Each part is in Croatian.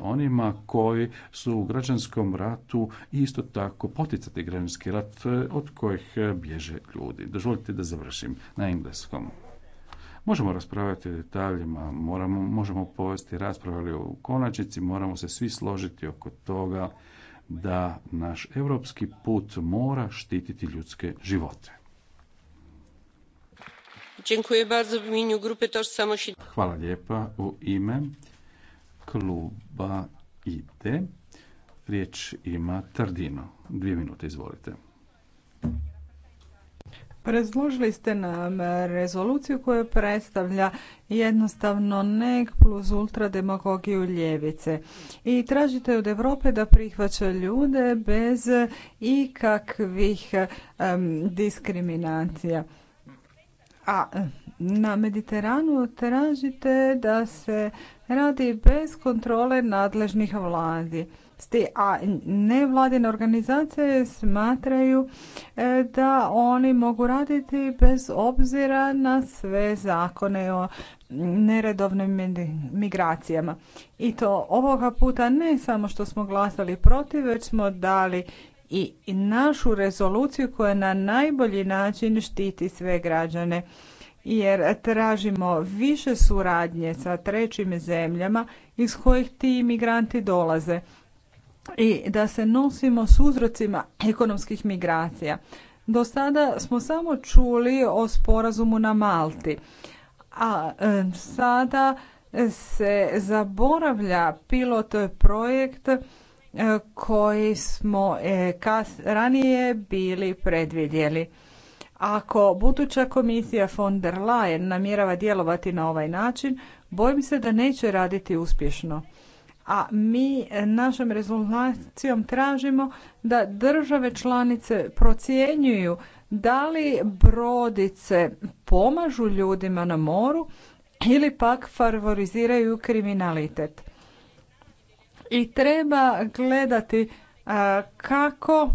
onima koji su u građanskom ratu isto tako poticati građanski rat e, od kojih e, bježe ljudi. Dozvolite da završim na engleskom. Možemo raspravljati o detaljima, moramo, možemo povesti rasprave, ali u konačnici moramo se svi složiti oko toga da naš europski put mora štititi ljudske živote. Hvala lijepa u ime kluba ide. Riječ ima Tardino. Dvije minute, izvolite. Prezložili ste nam rezoluciju koja predstavlja jednostavno neg plus ultra demagogiju ljevice i tražite od Europe da prihvaća ljude bez ikakvih diskriminacija. A na Mediteranu tražite da se radi bez kontrole nadležnih vladi. A nevladine organizacije smatraju e, da oni mogu raditi bez obzira na sve zakone o neredovnim migracijama. I to ovoga puta ne samo što smo glasali protiv, već smo dali i našu rezoluciju koja na najbolji način štiti sve građane jer tražimo više suradnje sa trećim zemljama iz kojih ti migranti dolaze i da se nosimo s uzrocima ekonomskih migracija. Do sada smo samo čuli o sporazumu na Malti, a e, sada se zaboravlja pilot projekt e, koji smo e, ranije bili predvidjeli. Ako buduća komisija von der Leyen namjerava djelovati na ovaj način, bojim se da neće raditi uspješno. A mi e, našom rezolucijom tražimo da države članice procjenjuju da li brodice pomažu ljudima na moru ili pak favoriziraju kriminalitet. I treba gledati kako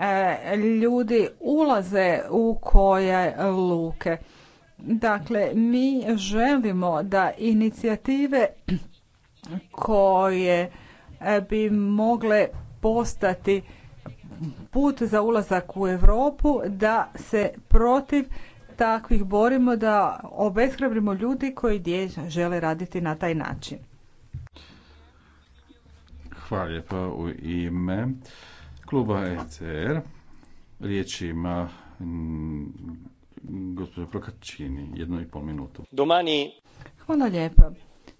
E, ljudi ulaze u koje luke. Dakle, mi želimo da inicijative koje e, bi mogle postati put za ulazak u Europu da se protiv takvih borimo da obeshrabrimo ljudi koji žele raditi na taj način. Hvala lijepa u ime kluba ECR. Riječ ima mm, gospođa Prokačini, jednu i pol minutu. Domani. Hvala lijepa.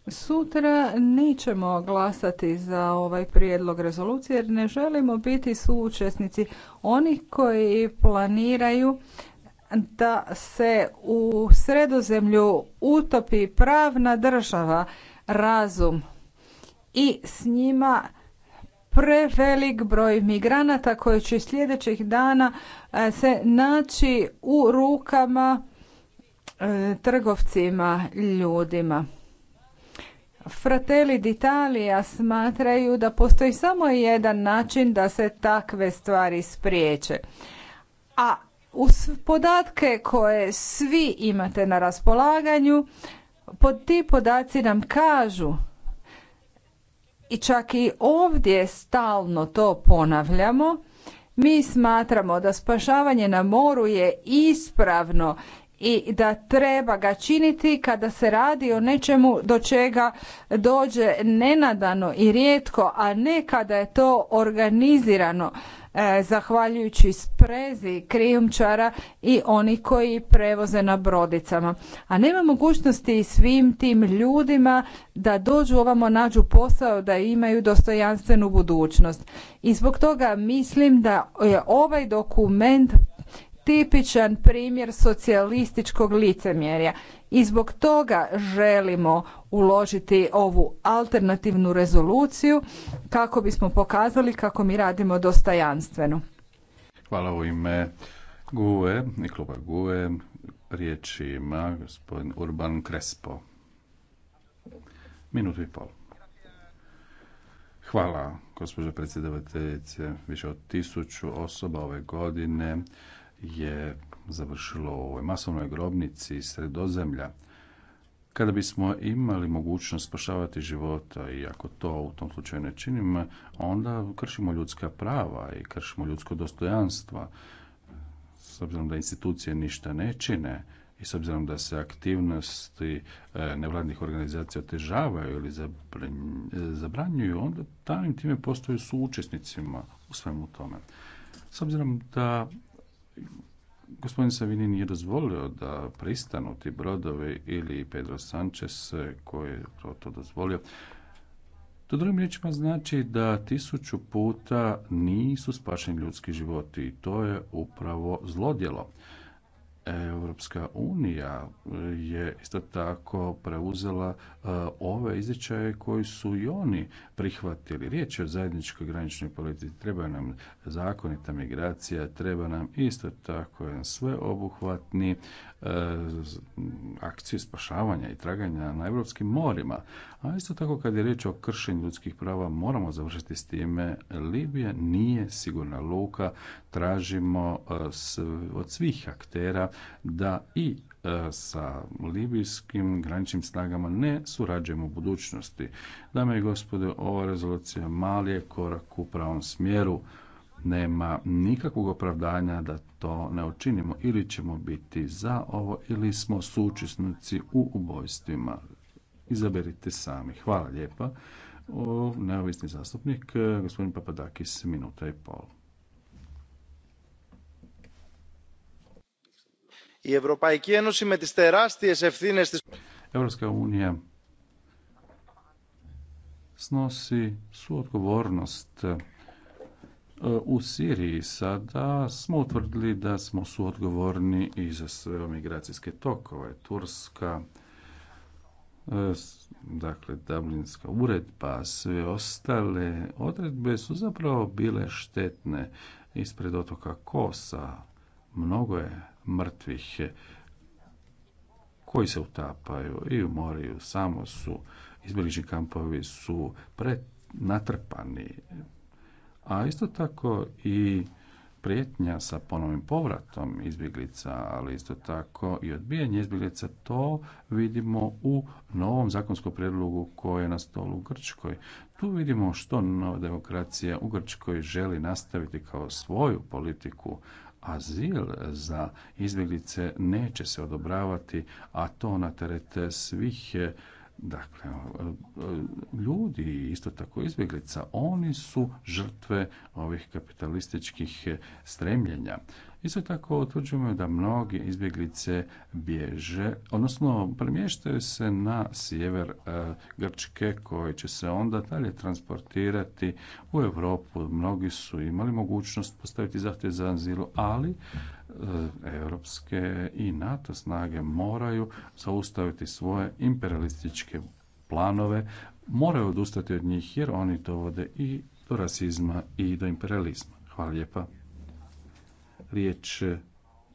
Sutra nećemo glasati za ovaj prijedlog rezolucije jer ne želimo biti suučesnici onih koji planiraju da se u sredozemlju utopi pravna država, razum i s njima prevelik broj migranata koji će sljedećih dana e, se naći u rukama e, trgovcima ljudima. Fratelli d'Italia smatraju da postoji samo jedan način da se takve stvari spriječe. A uz podatke koje svi imate na raspolaganju, ti podaci nam kažu i čak i ovdje stalno to ponavljamo, mi smatramo da spašavanje na moru je ispravno i da treba ga činiti kada se radi o nečemu do čega dođe nenadano i rijetko, a ne kada je to organizirano E, zahvaljujući sprezi krijumčara i oni koji prevoze na brodicama. A nema mogućnosti svim tim ljudima da dođu ovamo, nađu posao, da imaju dostojanstvenu budućnost. I zbog toga mislim da je ovaj dokument tipičan primjer socijalističkog licemjerja i zbog toga želimo uložiti ovu alternativnu rezoluciju kako bismo pokazali kako mi radimo dostojanstveno. Hvala u ime i kluba GUE. riječ ima gospodin Urban Krespo. Minutu i pol. Hvala, gospođo predsjedavateljice. Više od tisuću osoba ove godine je završilo u ovoj masovnoj grobnici sredozemlja. Kada bismo imali mogućnost spašavati života i ako to u tom slučaju ne činimo, onda kršimo ljudska prava i kršimo ljudsko dostojanstvo. S obzirom da institucije ništa ne čine, i s obzirom da se aktivnosti e, nevladnih organizacija otežavaju ili zabranjuju, onda tajnim time postaju suučesnicima u svemu tome. S obzirom da gospodin Savini nije dozvolio da pristanu ti brodovi ili Pedro Sanchez koji je to dozvolio. To drugim riječima znači da tisuću puta nisu spašeni ljudski životi i to je upravo zlodjelo. Europska unija eh, je isto tako preuzela eh, ove izričaje koji su i oni prihvatili. Riječ je o zajedničkoj graničnoj politici. Treba nam zakonita migracija, treba nam isto tako sve sveobuhvatni E, akciju spašavanja i traganja na europskim morima. A isto tako kad je riječ o kršenju ljudskih prava moramo završiti s time. Libija nije sigurna luka. Tražimo e, od svih aktera da i e, sa libijskim graničnim snagama ne surađujemo u budućnosti. Dame i gospode, ova rezolucija mali je korak u pravom smjeru nema nikakvog opravdanja da to ne učinimo ili ćemo biti za ovo ili smo sučesnici u ubojstvima. Izaberite sami. Hvala lijepa. O, neovisni zastupnik, e, gospodin Papadakis, minuta i pol. i Ευρωπαϊκή Ένωση με τις τεράστιες ευθύνες Europska unija snosi suodgovornost odgovornost u Siriji sada smo utvrdili da smo suodgovorni i za sve migracijske tokove. Turska, e, dakle Dublinska uredba, sve ostale odredbe su zapravo bile štetne ispred otoka Kosa. Mnogo je mrtvih koji se utapaju i u moriju, samo su izbjeglički kampovi su prenatrpani a isto tako i prijetnja sa ponovnim povratom izbjeglica, ali isto tako i odbijanje izbjeglica, to vidimo u novom zakonskom prijedlogu koji je na stolu u Grčkoj. Tu vidimo što nova demokracija u Grčkoj želi nastaviti kao svoju politiku, azil za izbjeglice neće se odobravati, a to na terete svih Dakle, e, ljudi, isto tako izbjeglica, oni su žrtve ovih kapitalističkih e, stremljenja. Isto tako utvrđujemo da mnogi izbjeglice bježe, odnosno premještaju se na sjever e, Grčke koji će se onda dalje transportirati u Europu. Mnogi su imali mogućnost postaviti zahtjev za azilu, ali e, europske i NATO snage moraju zaustaviti svoje imperialističke planove, moraju odustati od njih jer oni dovode i do rasizma i do imperializma. Hvala lijepa. Riječ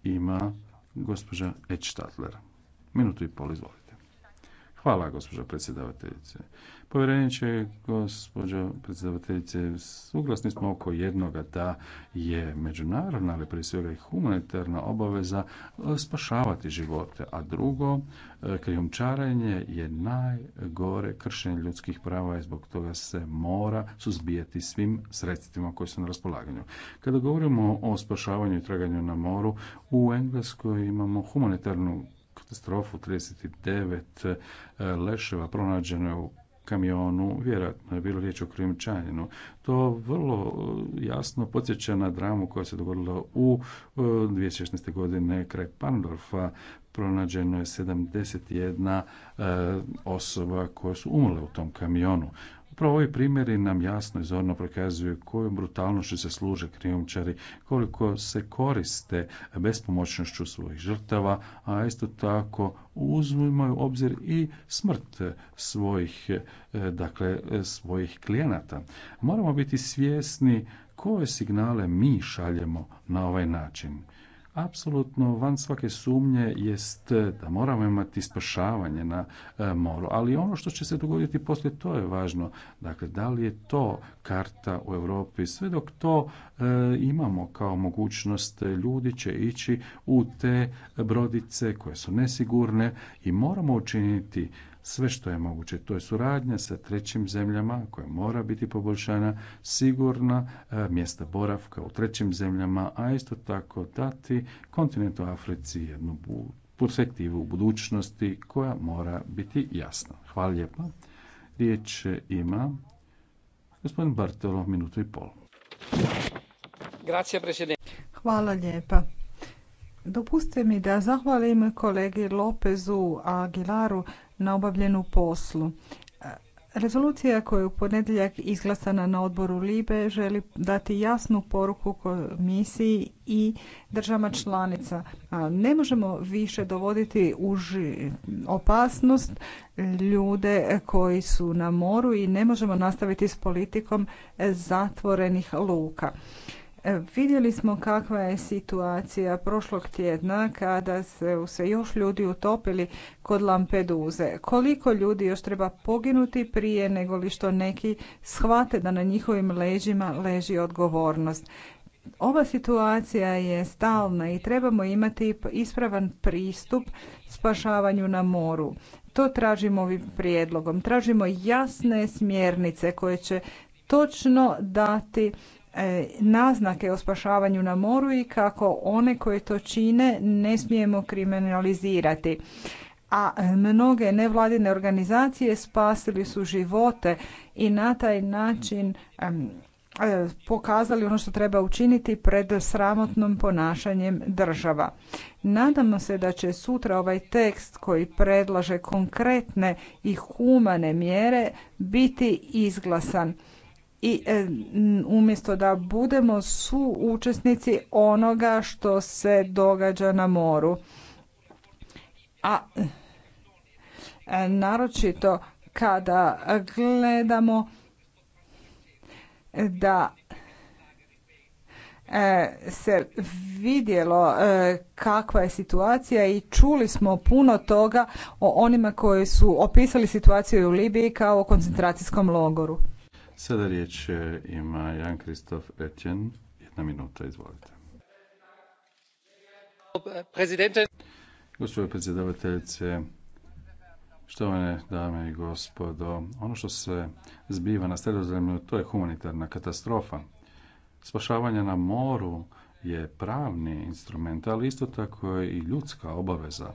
ima gospođa Edstadler. Minutu i pol, izvolite. Hvala, gospođo predsjedavateljice. Povjereniče, gospođo predsjedavateljice, suglasni smo oko jednoga da je međunarodna, ali prije svega i humanitarna obaveza e, spašavati živote, a drugo, e, krijumčarenje je najgore kršenje ljudskih prava i zbog toga se mora suzbijati svim sredstvima koji su na raspolaganju. Kada govorimo o spašavanju i traganju na moru, u Engleskoj imamo humanitarnu katastrofu 39 e, leševa pronađeno u kamionu, vjerojatno je bilo riječ o krimčaninu. To vrlo e, jasno podsjeća na dramu koja se dogodila u 2016. E, godine kraj Pandorfa. Pronađeno je 71 e, osoba koje su umrle u tom kamionu. Upravo ovi primjeri nam jasno i zorno prikazuju koju brutalnošću se služe krijumčari, koliko se koriste bespomoćnošću svojih žrtava, a isto tako u obzir i smrt svojih, e, dakle, svojih klijenata. Moramo biti svjesni koje signale mi šaljemo na ovaj način apsolutno van svake sumnje jest eh, da moramo imati spašavanje na eh, moru, ali ono što će se dogoditi poslije to je važno. Dakle, da li je to karta u Europi, sve dok to eh, imamo kao mogućnost, ljudi će ići u te brodice koje su nesigurne i moramo učiniti sve što je moguće. To je suradnja sa trećim zemljama koja mora biti poboljšana, sigurna e, mjesta boravka u trećim zemljama, a isto tako dati kontinentu Africi jednu perspektivu u budućnosti koja mora biti jasna. Hvala lijepa. Riječ ima gospodin Bartolo, minutu i pol. Hvala lijepa. Dopustite mi da zahvalim kolegi Lopezu Aguilaru na obavljenu poslu. Rezolucija koja je u ponedjeljak izglasana na odboru Libe želi dati jasnu poruku komisiji i državama članica. Ne možemo više dovoditi u opasnost ljude koji su na moru i ne možemo nastaviti s politikom zatvorenih luka. E, vidjeli smo kakva je situacija prošlog tjedna kada su se još ljudi utopili kod Lampeduze. Koliko ljudi još treba poginuti prije nego li što neki shvate da na njihovim leđima leži odgovornost. Ova situacija je stalna i trebamo imati ispravan pristup spašavanju na moru. To tražimo ovim prijedlogom. Tražimo jasne smjernice koje će točno dati E, naznake o spašavanju na moru i kako one koje to čine ne smijemo kriminalizirati. A mnoge nevladine organizacije spasili su živote i na taj način e, pokazali ono što treba učiniti pred sramotnom ponašanjem država. Nadamo se da će sutra ovaj tekst koji predlaže konkretne i humane mjere biti izglasan i e, umjesto da budemo suučesnici onoga što se događa na moru. A e, naročito kada gledamo da e, se vidjelo kakva je situacija i čuli smo puno toga o onima koji su opisali situaciju u Libiji kao o koncentracijskom logoru. Sada riječ e, ima Jan Kristof Etjen. Jedna minuta, izvolite. Gospodine predsjedavateljice, štovane dame i gospodo, ono što se zbiva na sredozemlju to je humanitarna katastrofa. Spašavanje na moru je pravni instrument, ali isto tako je i ljudska obaveza.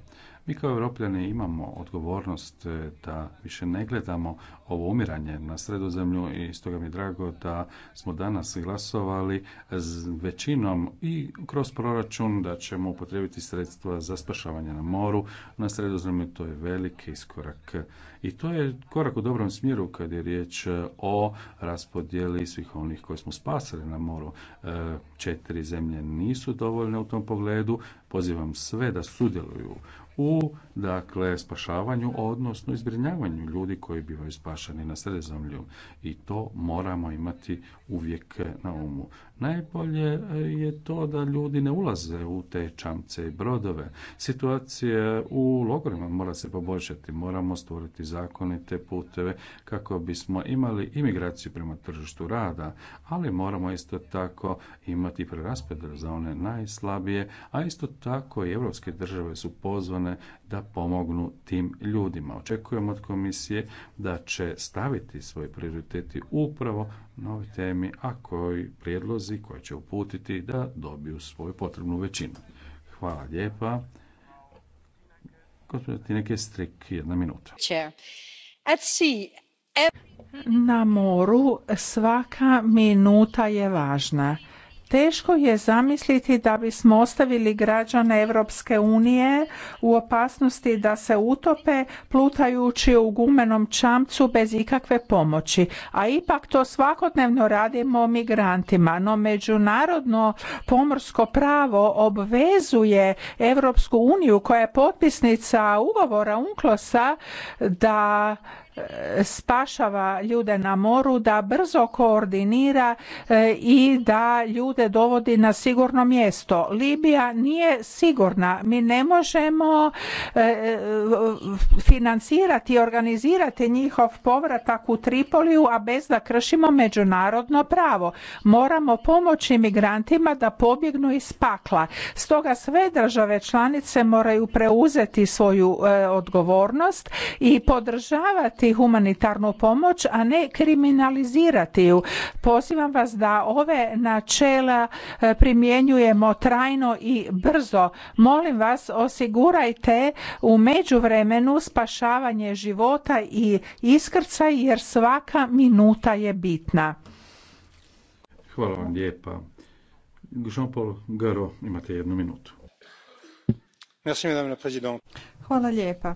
Mi kao europljani imamo odgovornost e, da više ne gledamo ovo umiranje na sredozemlju i stoga mi je drago da smo danas glasovali s većinom i kroz proračun da ćemo upotrijebiti sredstva za spašavanje na moru na sredozemlju. To je veliki iskorak i to je korak u dobrom smjeru kad je riječ e, o raspodjeli svih onih koje smo spasili na moru. E, četiri zemlje nisu dovoljne u tom pogledu. Pozivam sve da sudjeluju u dakle spašavanju odnosno izbrinjavanju ljudi koji bivaju spašeni proglašeni na sredozemlju i to moramo imati uvijek na umu. Najbolje je to da ljudi ne ulaze u te čamce i brodove. Situacija u logorima mora se poboljšati, moramo stvoriti zakonite puteve kako bismo imali imigraciju prema tržištu rada, ali moramo isto tako imati preraspred za one najslabije, a isto tako i evropske države su pozvane da pomognu tim ljudima. Očekujemo od komisije da će staviti svoje prioriteti upravo na ovoj temi, a koji prijedlozi koje će uputiti da dobiju svoju potrebnu većinu. Hvala lijepa. jedna minuta. Na moru svaka minuta je važna. Teško je zamisliti da bismo ostavili građane Europske unije u opasnosti da se utope plutajući u gumenom čamcu bez ikakve pomoći. A ipak to svakodnevno radimo migrantima. No međunarodno pomorsko pravo obvezuje Europsku uniju koja je potpisnica ugovora UNCLOS-a da E, spašava ljude na moru, da brzo koordinira e, i da ljude dovodi na sigurno mjesto. Libija nije sigurna. Mi ne možemo e, financirati i organizirati njihov povratak u Tripoliju, a bez da kršimo međunarodno pravo. Moramo pomoći migrantima da pobjegnu iz pakla. Stoga sve države članice moraju preuzeti svoju odgovornost i podržavati humanitarnu pomoć, a ne kriminalizirati ju. Pozivam vas da ove načela e, primjenjujemo trajno i brzo. Molim vas, osigurajte u međuvremenu spašavanje života i iskrcaj jer svaka minuta je bitna. Hvala vam lijepa. Jean-Paul Garo, imate jednu minutu. Hvala lijepa.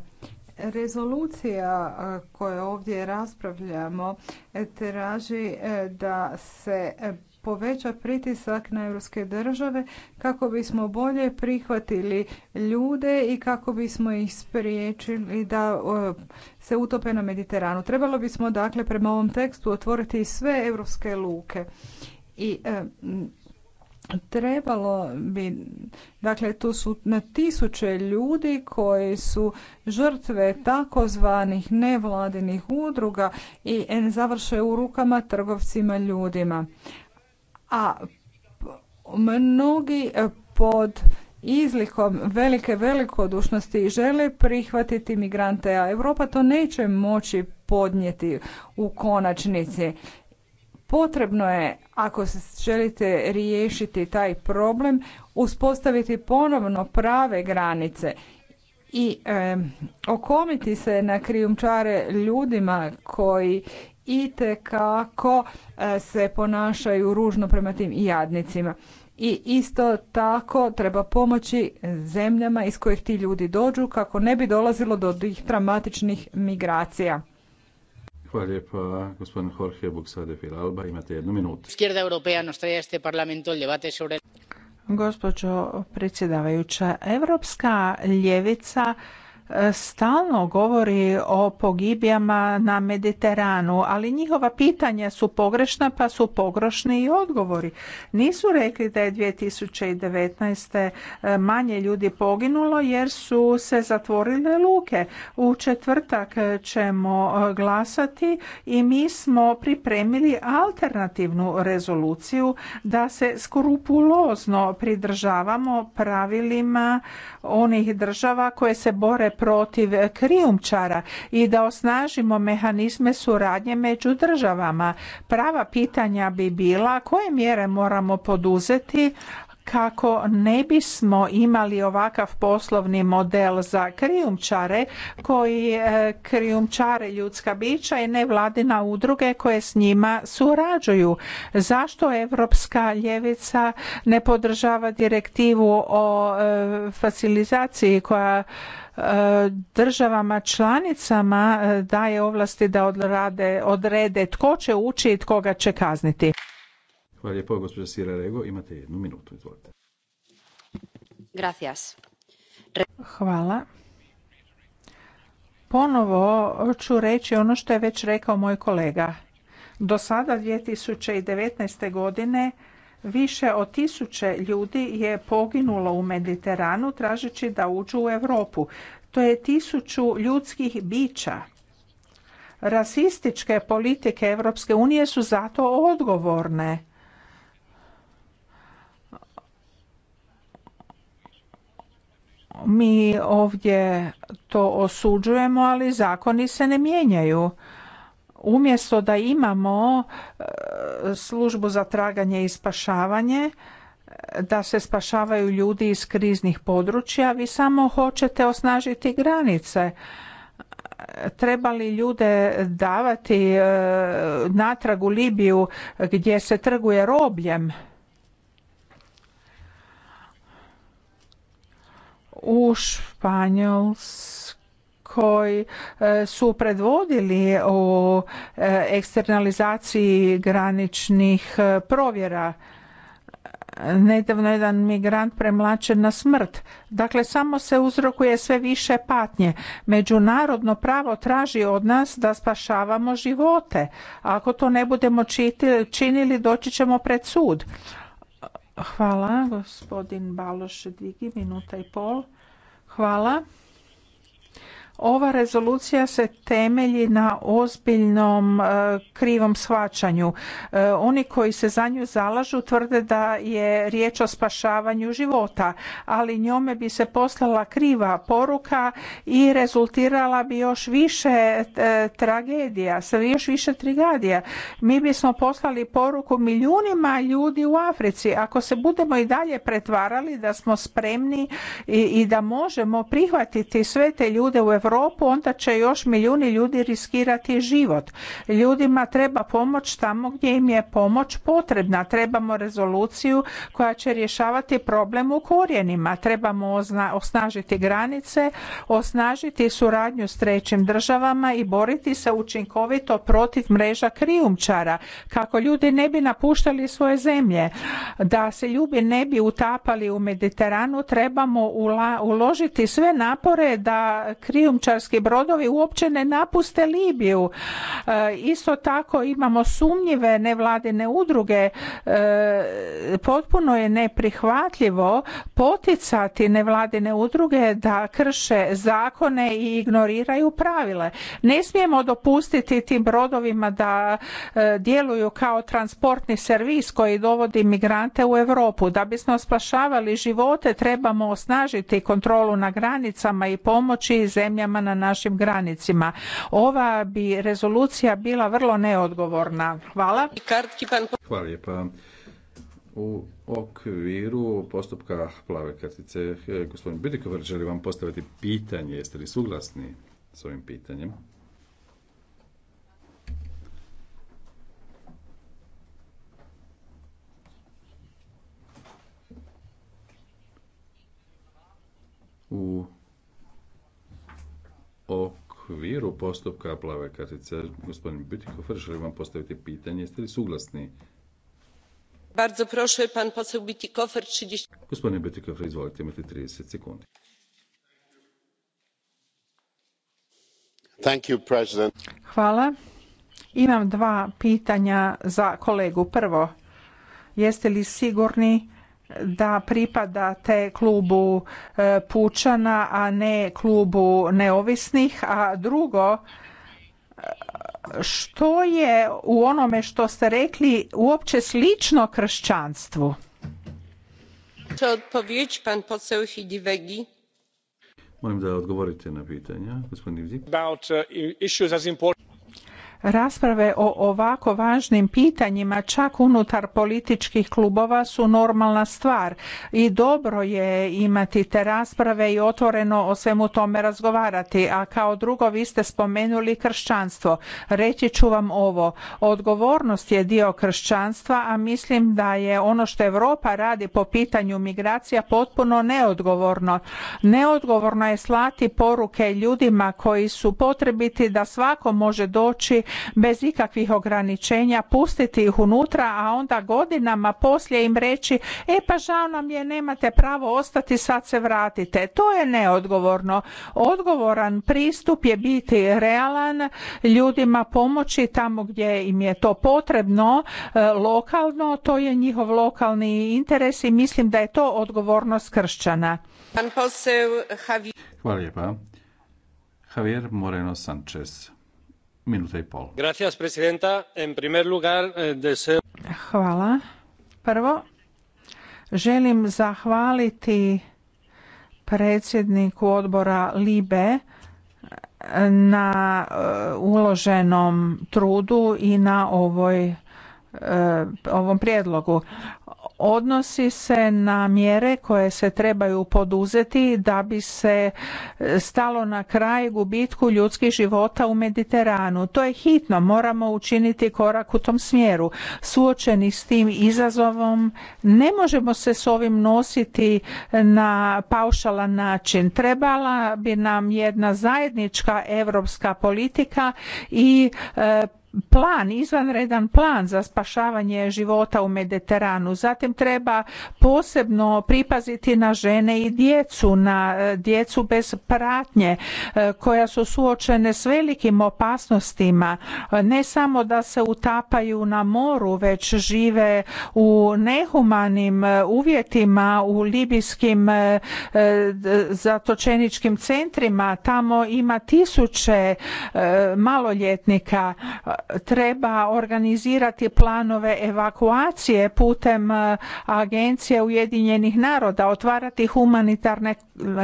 Rezolucija koju ovdje raspravljamo e, traži e, da se e, poveća pritisak na europske države kako bismo bolje prihvatili ljude i kako bismo ih spriječili da se utope na Mediteranu. Trebalo bismo dakle prema ovom tekstu otvoriti sve europske luke i trebalo bi, dakle tu su na tisuće ljudi koji su žrtve takozvanih nevladinih udruga i završe u rukama trgovcima ljudima. A mnogi pod izlikom velike velikodušnosti žele prihvatiti migrante, a Europa to neće moći podnijeti u konačnici. Potrebno je, ako se želite riješiti taj problem, uspostaviti ponovno prave granice i okomiti se na krijumčare ljudima koji itekako e, se ponašaju ružno prema tim jadnicima. I isto tako treba pomoći zemljama iz kojih ti ljudi dođu kako ne bi dolazilo do tih dramatičnih migracija. Hvala lijepa, gospodin Jorge Buxade Filalba, imate jednu minutu. Izquierda europea nos trae este parlamento el debate sobre... Gospođo predsjedavajuća, Evropska ljevica stalno govori o pogibijama na Mediteranu, ali njihova pitanja su pogrešna pa su pogrošni i odgovori. Nisu rekli da je 2019. E, manje ljudi poginulo jer su se zatvorile luke. U četvrtak ćemo e, glasati i mi smo pripremili alternativnu rezoluciju da se skrupulozno pridržavamo pravilima onih država koje se bore protiv krijumčara i da osnažimo mehanizme suradnje među državama. Prava pitanja bi bila koje mjere moramo poduzeti kako ne bismo imali ovakav poslovni model za krijumčare koji e, krijumčare ljudska bića i vladina udruge koje s njima surađuju. Zašto Europska ljevica ne podržava direktivu o e, facilizaciji koja E, državama članicama e, daje ovlasti da odrade, odrede tko će ući i tko ga će kazniti. Hvala lijepo, gospođa Sira Rego. Imate jednu minutu, izvolite. Gracias. Re... Hvala. Ponovo ću reći ono što je već rekao moj kolega. Do sada 2019. godine Više od tisuće ljudi je poginulo u Mediteranu tražeći da uđu u Europu. To je tisuću ljudskih bića. Rasističke politike Europske unije su zato odgovorne. Mi ovdje to osuđujemo, ali zakoni se ne mijenjaju. Umjesto da imamo službu za traganje i spašavanje da se spašavaju ljudi iz kriznih područja vi samo hoćete osnažiti granice trebali ljude davati e, natrag u Libiju gdje se trguje robljem u Španjolskoj koji e, su predvodili o e, eksternalizaciji graničnih e, provjera nedavno jedan migrant premlačen na smrt. Dakle, samo se uzrokuje sve više patnje. Međunarodno pravo traži od nas da spašavamo živote. Ako to ne budemo činili, doći ćemo pred sud. Hvala, gospodin Baloš, dvigi, minuta i pol. Hvala. Ova rezolucija se temelji na ozbiljnom e, krivom shvaćanju. E, oni koji se za nju zalažu tvrde da je riječ o spašavanju života, ali njome bi se poslala kriva poruka i rezultirala bi još više e, tragedija, sve još više trigadija. Mi bismo poslali poruku milijunima ljudi u Africi. Ako se budemo i dalje pretvarali da smo spremni i, da možemo prihvatiti sve te ljude u Evropi, Europu, onda će još milijuni ljudi riskirati život. Ljudima treba pomoć tamo gdje im je pomoć potrebna. Trebamo rezoluciju koja će rješavati problem u korijenima. Trebamo osnažiti granice, osnažiti suradnju s trećim državama i boriti se učinkovito protiv mreža krijumčara kako ljudi ne bi napuštali svoje zemlje. Da se ljubi ne bi utapali u Mediteranu trebamo uložiti sve napore da krijum krijumčarski brodovi uopće ne napuste Libiju. E, isto tako imamo sumnjive nevladine udruge. E, potpuno je neprihvatljivo poticati nevladine udruge da krše zakone i ignoriraju pravile. Ne smijemo dopustiti tim brodovima da e, djeluju kao transportni servis koji dovodi migrante u Europu. Da bismo spašavali živote trebamo osnažiti kontrolu na granicama i pomoći zemljama na našim granicima. Ova bi rezolucija bila vrlo neodgovorna. Hvala. Hvala lijepa. U okviru postupka plave kartice, e, gospodin Bidikovar želi vam postaviti pitanje. Jeste li suglasni s ovim pitanjem? u okviru postupka plave kartice, gospodin Bütikofer, želim vam postaviti pitanje. Jeste li suglasni? Bardzo proszę, pan poseł 30... Gospodine Bütikofer, izvolite, imate 30 sekundi. Hvala. Imam dva pitanja za kolegu. Prvo, jeste li sigurni da pripadate klubu e, pučana, a ne klubu neovisnih, a drugo e, što je u onome što ste rekli uopće slično kršćanstvu? pan poseł Hidivegi. Molim da odgovorite na pitanja, gospodin Ivzik. Uh, Rasprave o ovako važnim pitanjima čak unutar političkih klubova su normalna stvar i dobro je imati te rasprave i otvoreno o svemu tome razgovarati. A kao drugo vi ste spomenuli kršćanstvo. Reći ću vam ovo. Odgovornost je dio kršćanstva, a mislim da je ono što Europa radi po pitanju migracija potpuno neodgovorno. Neodgovorno je slati poruke ljudima koji su potrebiti da svako može doći bez ikakvih ograničenja, pustiti ih unutra, a onda godinama poslije im reći e pa žao nam je, nemate pravo ostati, sad se vratite. To je neodgovorno. Odgovoran pristup je biti realan, ljudima pomoći tamo gdje im je to potrebno, e, lokalno, to je njihov lokalni interes i mislim da je to odgovornost kršćana. Hvala Javier Moreno Sanchez minuta i pol. Gracias, presidenta. En primer lugar, eh, deseo... Hvala. Prvo, želim zahvaliti predsjedniku odbora Libe eh, na eh, uloženom trudu i na ovoj ovom prijedlogu odnosi se na mjere koje se trebaju poduzeti da bi se e, stalo na kraj gubitku ljudskih života u Mediteranu. To je hitno, moramo učiniti korak u tom smjeru. Suočeni s tim izazovom ne možemo se s ovim nositi na paušalan način. Trebala bi nam jedna zajednička europska politika i e, plan, izvanredan plan za spašavanje života u Mediteranu. Zatim treba posebno pripaziti na žene i djecu, na e, djecu bez pratnje e, koja su suočene s velikim opasnostima. E, ne samo da se utapaju na moru, već žive u nehumanim uvjetima u libijskim zatočeničkim centrima. Tamo ima tisuće maloljetnika treba organizirati planove evakuacije putem e, agencije Ujedinjenih naroda, otvarati humanitarne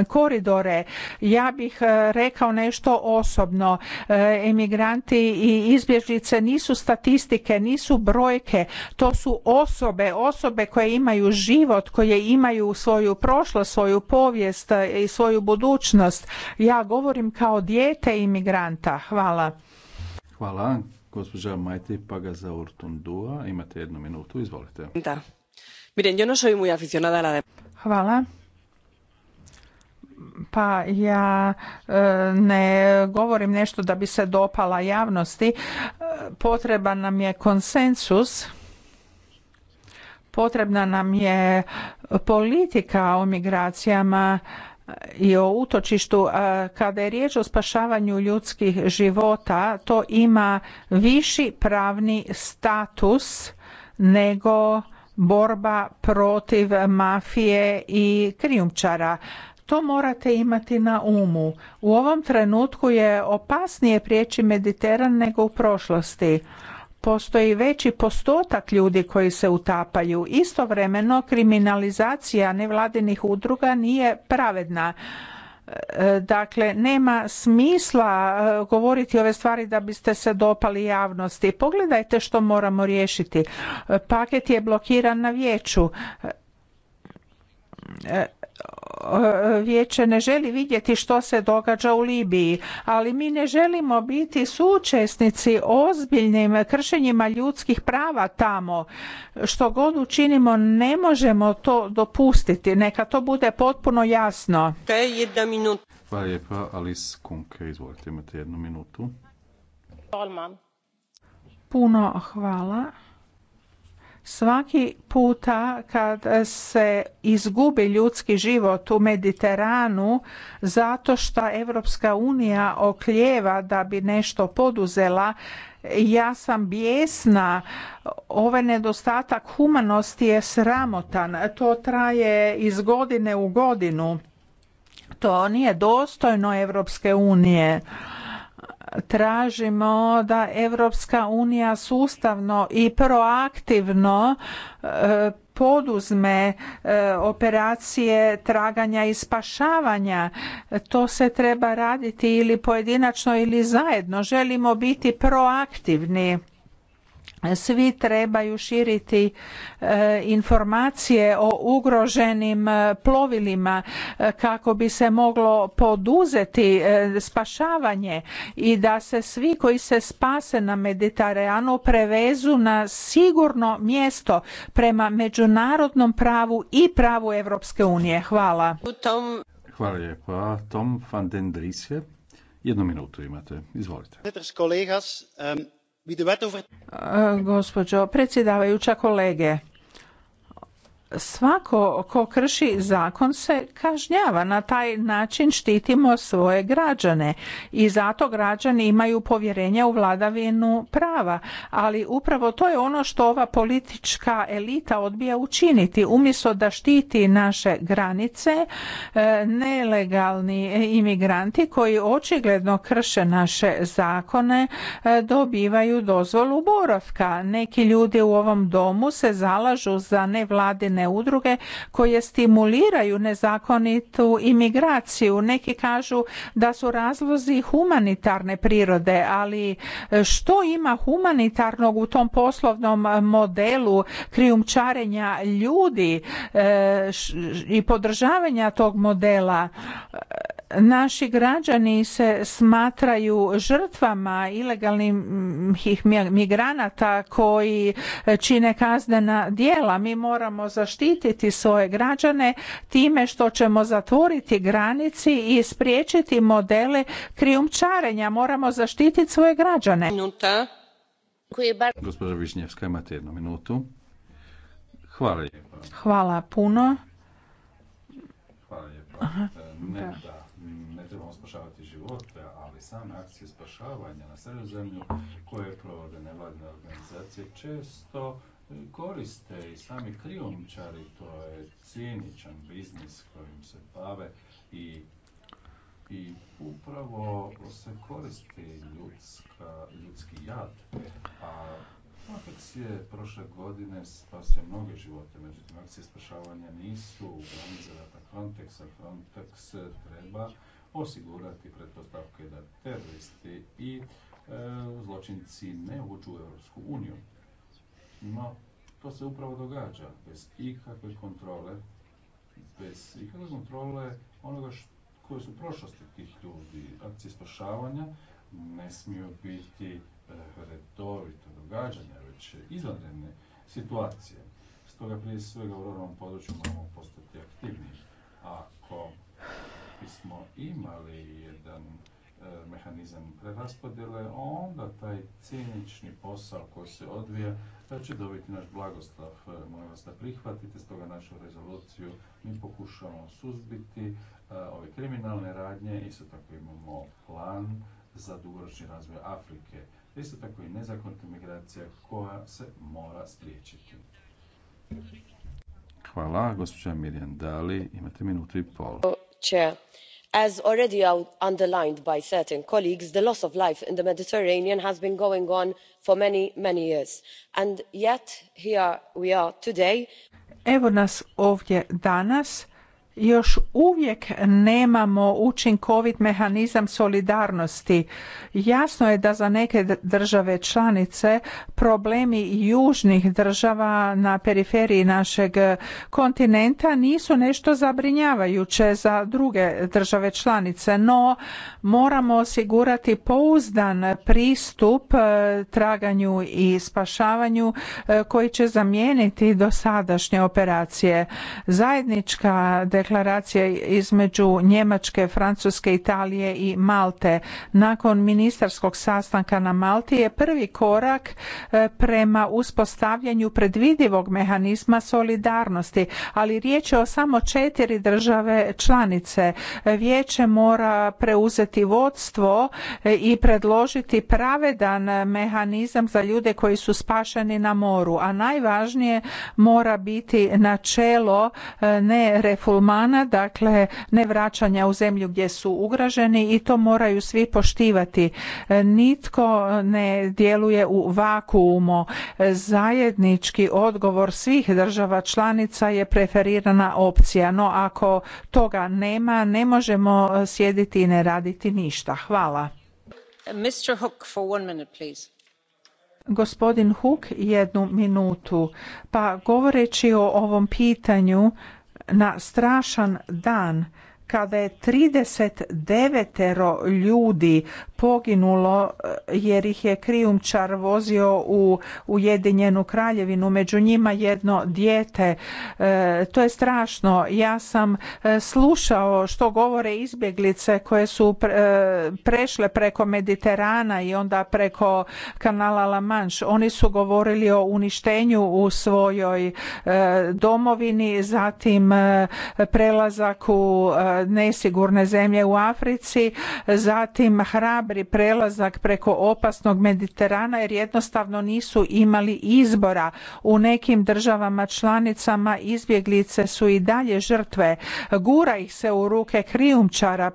koridore. Ja bih e, rekao nešto osobno. E, emigranti i izbjeglice nisu statistike, nisu brojke, to su osobe, osobe koje imaju život, koje imaju svoju prošlost, svoju povijest i svoju budućnost. Ja govorim kao dijete imigranta. Hvala. Hvala. Gospođa Majte Pagaza Urtundua, imate jednu minutu, izvolite. Da. Miren, yo no soy muy aficionada a la Hvala. Pa ja e, ne govorim nešto da bi se dopala javnosti. E, potreban nam je konsensus potrebna nam je politika o migracijama i o utočištu kada je riječ o spašavanju ljudskih života to ima viši pravni status nego borba protiv mafije i krijumčara to morate imati na umu u ovom trenutku je opasnije prijeći mediteran nego u prošlosti postoji veći postotak ljudi koji se utapaju. Istovremeno kriminalizacija nevladinih udruga nije pravedna. E, dakle, nema smisla e, govoriti ove stvari da biste se dopali javnosti. Pogledajte što moramo riješiti. E, paket je blokiran na vijeću vijeće ne želi vidjeti što se događa u Libiji, ali mi ne želimo biti sučesnici ozbiljnim kršenjima ljudskih prava tamo. Što god učinimo ne možemo to dopustiti. Neka to bude potpuno jasno. Hvala lijepa, Alice Kunke, izvolite, imate jednu minutu. Puno hvala. Svaki puta kad se izgubi ljudski život u Mediteranu zato što Evropska unija okljeva da bi nešto poduzela, ja sam bijesna. Ovaj nedostatak humanosti je sramotan. To traje iz godine u godinu. To nije dostojno Evropske unije tražimo da Europska unija sustavno i proaktivno e, poduzme e, operacije traganja i spašavanja. To se treba raditi ili pojedinačno ili zajedno. Želimo biti proaktivni svi trebaju širiti e, informacije o ugroženim e, plovilima e, kako bi se moglo poduzeti spašavanje i da se svi koji se spase na Mediteranu prevezu na sigurno mjesto prema međunarodnom pravu i pravu Europske unije. Hvala. Hvala lijepa. Tom van den Driesje. Jednu minutu imate. Izvolite. Gospođo predsjedavajuća kolege, svako ko krši zakon se kažnjava. Na taj način štitimo svoje građane i zato građani imaju povjerenja u vladavinu prava. Ali upravo to je ono što ova politička elita odbija učiniti. Umjesto da štiti naše granice, e, nelegalni imigranti koji očigledno krše naše zakone e, dobivaju dozvolu boravka. Neki ljudi u ovom domu se zalažu za nevladine nevladine udruge koje stimuliraju nezakonitu imigraciju. Neki kažu da su razlozi humanitarne prirode, ali e, što ima humanitarnog u tom poslovnom modelu krijumčarenja ljudi e, i podržavanja tog modela? naši građani se smatraju žrtvama ilegalnih migranata koji čine kaznena djela. Mi moramo zaštititi svoje građane time što ćemo zatvoriti granici i spriječiti modele krijumčarenja. Moramo zaštititi svoje građane. Minuta. Višnjevska, imate jednu minutu. Hvala Hvala puno. Hvala same akcije spašavanja na sredozemlju koje provode nevladine organizacije često koriste i sami krijumčari, to je ciničan biznis kojim se bave i i upravo se koristi ljudska, ljudski jad. A akcije prošle godine spasio mnoge živote, međutim akcije spašavanja nisu u za Frontexa. Frontex treba osigurati pretpostavke da teroristi i e, zločinci ne uđu u Europsku uniju. No, to se upravo događa bez ikakve kontrole, bez ikakve kontrole onoga koje su prošlosti tih ljudi, akcije spašavanja ne smiju biti e, redovito događanja, već izvanredne situacije. Stoga prije svega u ruralnom području moramo postati aktivniji. Ako bismo imali jedan e, mehanizam preraspodjele, onda taj cinični posao koji se odvija da će dobiti naš blagostav. E, molim vas da prihvatite stoga našu rezoluciju. Mi pokušamo suzbiti e, ove kriminalne radnje, isto tako imamo plan za dugoročni razvoj Afrike, isto tako i nezakonita migracija koja se mora spriječiti. Hvala, gospođa Mirjan Dali, imate minutu i president as already underlined by certain colleagues the loss of life in the mediterranean has been going on for many many years and yet here we are today. evo nas ovdje danas još uvijek nemamo učinkovit mehanizam solidarnosti. Jasno je da za neke države članice problemi južnih država na periferiji našeg kontinenta nisu nešto zabrinjavajuće za druge države članice, no moramo osigurati pouzdan pristup e, traganju i spašavanju e, koji će zamijeniti dosadašnje operacije. Zajednička deklaracija između Njemačke, Francuske, Italije i Malte. Nakon ministarskog sastanka na Malti je prvi korak e, prema uspostavljanju predvidivog mehanizma solidarnosti, ali riječ je o samo četiri države članice. Vijeće mora preuzeti vodstvo e, i predložiti pravedan mehanizam za ljude koji su spašeni na moru, a najvažnije mora biti načelo e, ne tretmana, dakle vraćanja u zemlju gdje su ugraženi i to moraju svi poštivati. Nitko ne djeluje u vakuumu. Zajednički odgovor svih država članica je preferirana opcija, no ako toga nema, ne možemo sjediti i ne raditi ništa. Hvala. Mr. Hook for one minute, please. Gospodin Huk, jednu minutu. Pa govoreći o ovom pitanju, na strašan dan kada je 39 ljudi poginulo eh, jer ih je krijumčar vozio u Ujedinjenu kraljevinu, među njima jedno dijete. Eh, to je strašno. Ja sam eh, slušao što govore izbjeglice koje su prešle preko Mediterana i onda preko kanala La Manche. Oni su govorili o uništenju u svojoj domovini, zatim prelazak u nesigurne zemlje u Africi, zatim hrab hrabri prelazak preko opasnog Mediterana jer jednostavno nisu imali izbora. U nekim državama članicama izbjeglice su i dalje žrtve. Gura ih se u ruke krijumčara,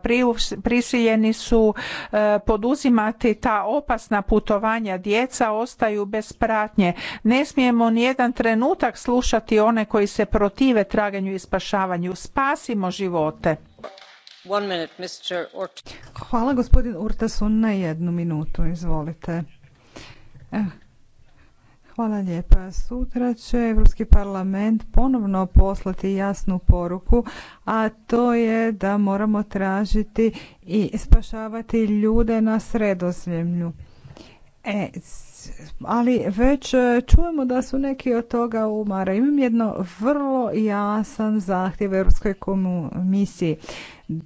prisiljeni su e, poduzimati ta opasna putovanja. Djeca ostaju bez pratnje. Ne smijemo nijedan trenutak slušati one koji se protive traganju i spašavanju. Spasimo živote. Hvala gospodin Urtasun na jednu minutu, izvolite. Eh, hvala lijepa. Sutra će Europski parlament ponovno poslati jasnu poruku, a to je da moramo tražiti i spašavati ljude na sredozemlju. E, ali već e, čujemo da su neki od toga umara. Imam jedno vrlo jasan zahtjev Europskoj komisiji.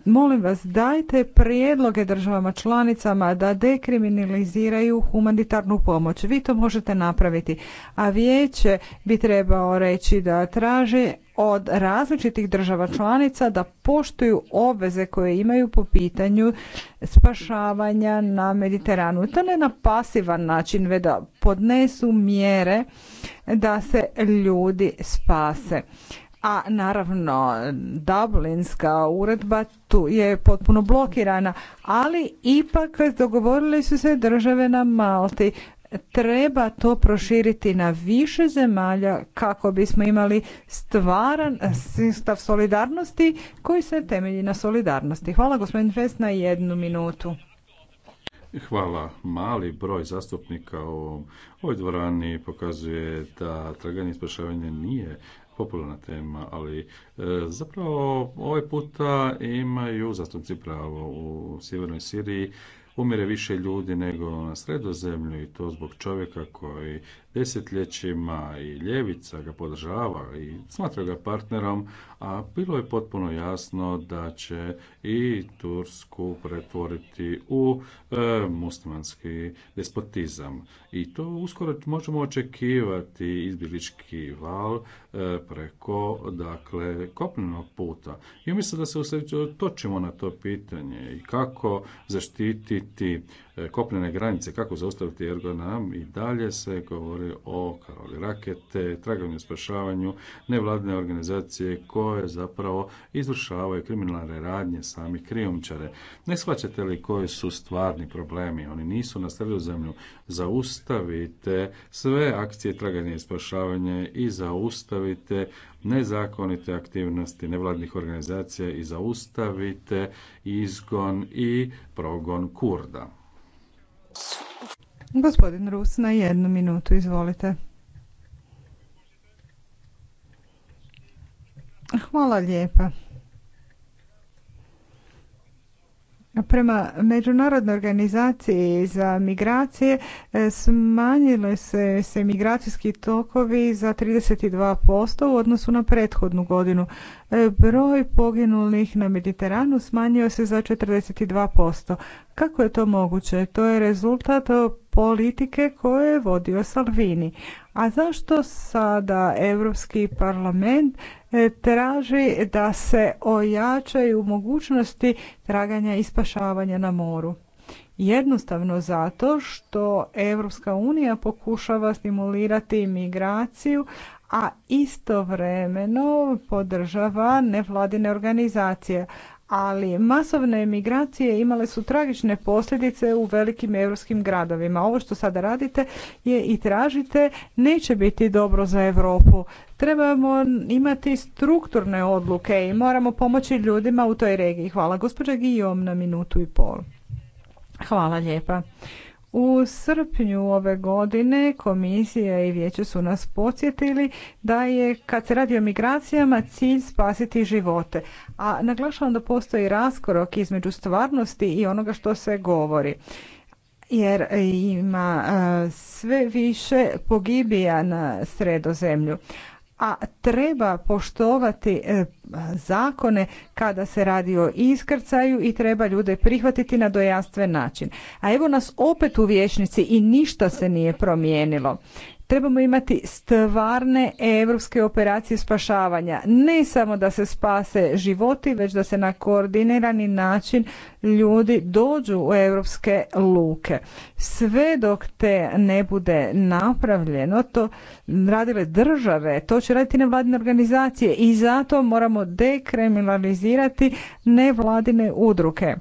Molim vas, dajte prijedloge državama članicama da dekriminaliziraju humanitarnu pomoć. Vi to možete napraviti. A vijeće bi trebao reći da traži od različitih država članica da poštuju obveze koje imaju po pitanju spašavanja na Mediteranu. To ne na pasivan način, već da podnesu mjere da se ljudi spase. A naravno, Dublinska uredba tu je potpuno blokirana, ali ipak dogovorili su se države na Malti treba to proširiti na više zemalja kako bismo imali stvaran sustav solidarnosti koji se temelji na solidarnosti. Hvala gospodin Fest na jednu minutu. Hvala. Mali broj zastupnika u ovoj dvorani pokazuje da traganje i nije popularna tema, ali e, zapravo ovaj puta imaju zastupci pravo u sjevernoj Siriji Umire više ljudi nego na sredozemlju i to zbog čovjeka koji desetljećima i ljevica ga podržava i smatra ga partnerom, a bilo je potpuno jasno da će i Tursku pretvoriti u e, muslimanski despotizam. I to uskoro možemo očekivati izbilički val e, preko dakle kopnenog puta. I mislim da se točimo na to pitanje i kako zaštititi e, kopnene granice, kako zaustaviti Ergonom i dalje se govori govori o Karoli Rakete, traganju i spašavanju nevladne organizacije koje zapravo izvršavaju kriminalne radnje sami krijumčare. Ne shvaćate li koji su stvarni problemi? Oni nisu na sredozemlju. Zaustavite sve akcije traganja i spašavanja i zaustavite nezakonite aktivnosti nevladnih organizacija i zaustavite izgon i progon Kurda. Gospodin Rus na jednu minutu, izvolite. Hvala lijepa. Prema Međunarodnoj organizaciji za migracije e, smanjile se, se migracijski tokovi za 32% u odnosu na prethodnu godinu. E, broj poginulih na Mediteranu smanjio se za 42%. Kako je to moguće? To je rezultat politike koje je vodio Salvini. A zašto sada Europski parlament e, traži da se ojačaju mogućnosti traganja i spašavanja na moru? Jednostavno zato što Evropska unija pokušava stimulirati imigraciju, a istovremeno podržava nevladine organizacije ali masovne emigracije imale su tragične posljedice u velikim europskim gradovima. Ovo što sada radite je i tražite neće biti dobro za Europu. Trebamo imati strukturne odluke i moramo pomoći ljudima u toj regiji. Hvala gospođa Gijom na minutu i pol. Hvala lijepa. U srpnju ove godine komisija i vijeće su nas podsjetili da je kad se radi o migracijama cilj spasiti živote. A naglašavam da postoji raskorok između stvarnosti i onoga što se govori. Jer ima sve više pogibija na sredozemlju a treba poštovati e, zakone kada se radi o iskrcaju i treba ljude prihvatiti na dojanstven način. A evo nas opet u vječnici i ništa se nije promijenilo. Trebamo imati stvarne europske operacije spašavanja. Ne samo da se spase životi, već da se na koordinirani način ljudi dođu u europske luke. Sve dok te ne bude napravljeno, to radile države, to će raditi nevladine organizacije i zato moramo dekriminalizirati nevladine udruge